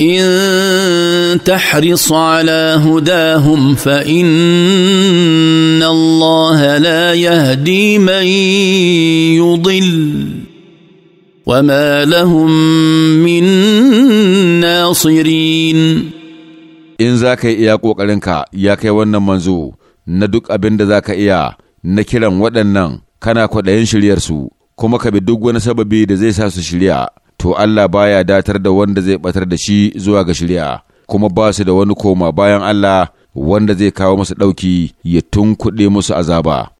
ان تحرص على هداهم فان الله لا يهدي من يضل وما لهم من ناصرين in za ka yi iya ƙoƙarinka ya kai wannan manzo na duk abin da za ka iya na kiran waɗannan kana kwaɗayin shiryarsu kuma ka bi duk wani sababi da zai sa su shirya to Allah baya datar da wanda zai batar da shi zuwa ga shari'a kuma ba su da wani koma bayan Allah wanda zai kawo masu ɗauki ya tunkuɗe musu azaba.